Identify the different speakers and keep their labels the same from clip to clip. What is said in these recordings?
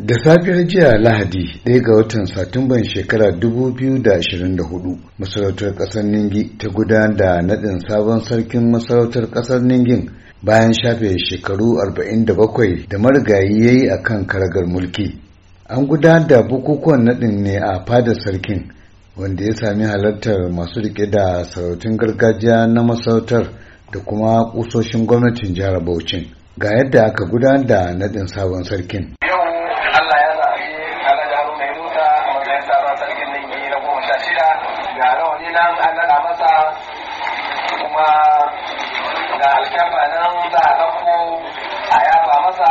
Speaker 1: da safiyar jiya lahadi ɗaya ga watan satumban shekara 2024 masarautar ƙasar ningi ta gudanar da naɗin sabon sarkin masarautar ƙasar ningin bayan shafe shekaru 47 da marigayi ya yi a kan karagar mulki an gudanar da bukukuwan naɗin ne a fadar sarkin wanda ya sami halartar masu riƙe da sarautun gargajiya na masarautar da kuma ƙusoshin gwamnatin jihar bauchi ga yadda aka gudanar da naɗin sabon sarkin
Speaker 2: nan an naɗa masa kuma ga alkyamba nan za a ɗauko a yafa masa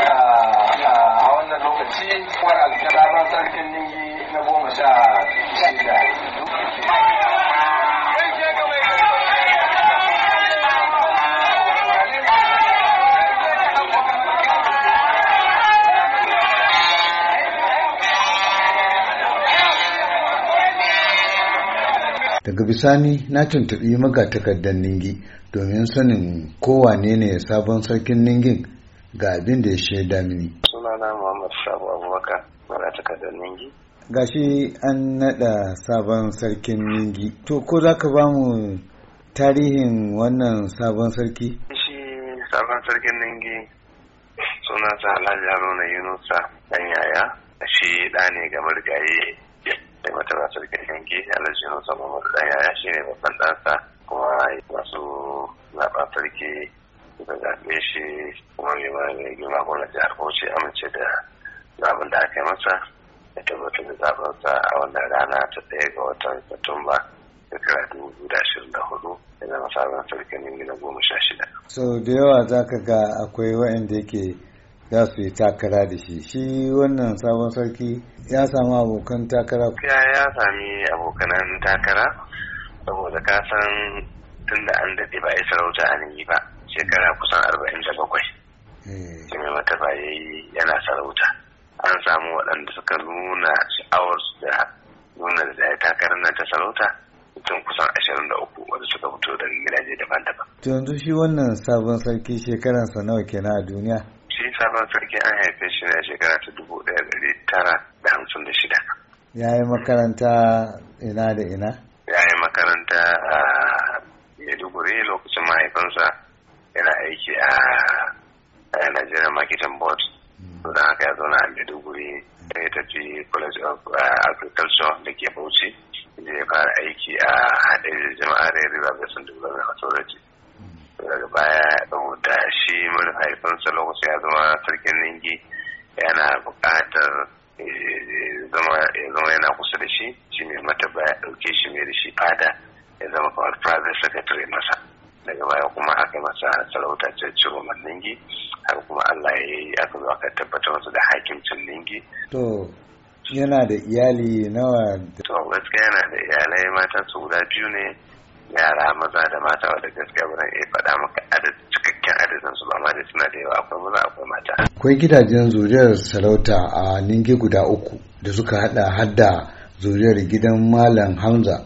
Speaker 2: a wannan lokaci kuwar alkaba sarkin ningi na goma sha
Speaker 1: daga bisani na tuntuɓi magatakardan ningi domin sanin kowa ne sabon sarkin ningin ga abin da ya shaida mini
Speaker 2: sunana muhammad sabo abubakar magatakardar ningi
Speaker 1: gashi an naɗa sabon sarkin ningi to ko za ka ba mu tarihin wannan sabon sarki
Speaker 2: shi sabon sarkin ningi sunansa alhaji haruna yunusa ɗan yaya shi ɗa ne ga marigayi sai wata rasu da yanki alhaji musa mamadu da yaya shi ne babban ɗansa kuma masu zaɓa sarki da zaɓe shi kuma mai mai girma gwamnati jihar bauchi amince da zaɓin da aka yi masa da tabbatar da zaɓensa a wannan rana ta ɗaya ga watan satumba shekara dubu biyu da ashirin da hudu ya zama sabon sarki na goma sha shida.
Speaker 1: so da yawa za ka ga akwai waɗanda yake za su yi takara da shi shi wannan sabon sarki ya samu abokan takara
Speaker 2: ya ya sami abokanan takara saboda ka san tun da an daɗe ba a yi sarauta a yi ba shekara kusan arba'in da bakwai eh. mai mata ba ya yi yana sarauta an samu waɗanda suka nuna sha'awar da nuna da ya takarar nan ta sarauta mutum kusan ashirin da uku wanda suka fito daga gidaje daban-daban.
Speaker 1: To yanzu shi wannan sabon sarki shekaransa nawa kenan a duniya?
Speaker 2: sabon sarki an haife shi ne a shekara ta dubu ɗaya ɗari tara da hamsin da shida.
Speaker 1: Ya yi makaranta
Speaker 2: ina da ina? Ya yi makaranta a Maiduguri lokacin mahaifinsa yana aiki a Nigerian Marketing Board. Hmm. Don haka ya zauna a Maiduguri ya tafi College of Agriculture da ke Bauchi. Ya fara aiki a haɗe da jama'a da ya riba bai dubu da Daga baya ya da shi mahaifinsa lokacin ya zama sarkin ningi yana bukatar eh, eh, ya zama yana kusa da shi shi mai mata baya dauke shi mai da shi fada ya zama kamar private secretary masa daga baya kuma aka masa sarauta ce ciro ningi har kuma Allah ya yi aka zo aka tabbatar masa da hakimcin ningi.
Speaker 1: To yana da iyali nawa?
Speaker 2: To gaskiya yana da iyalai mata su guda biyu ne yara maza da mata wadda gaskiya wurin iya faɗa maka adadin cikakken da suna yawa akwai maza akwai mata
Speaker 1: akwai gidajen zuriyar sarauta a ninge guda uku da suka hada hadda zuriyar gidan malam hamza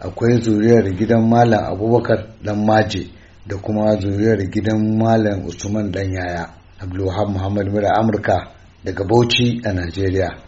Speaker 1: akwai zuriyar gidan malam abubakar dan maje da kuma zuriyar gidan malam usman dan yaya abdulwahab muhammad mura amurka daga bauchi a najeriya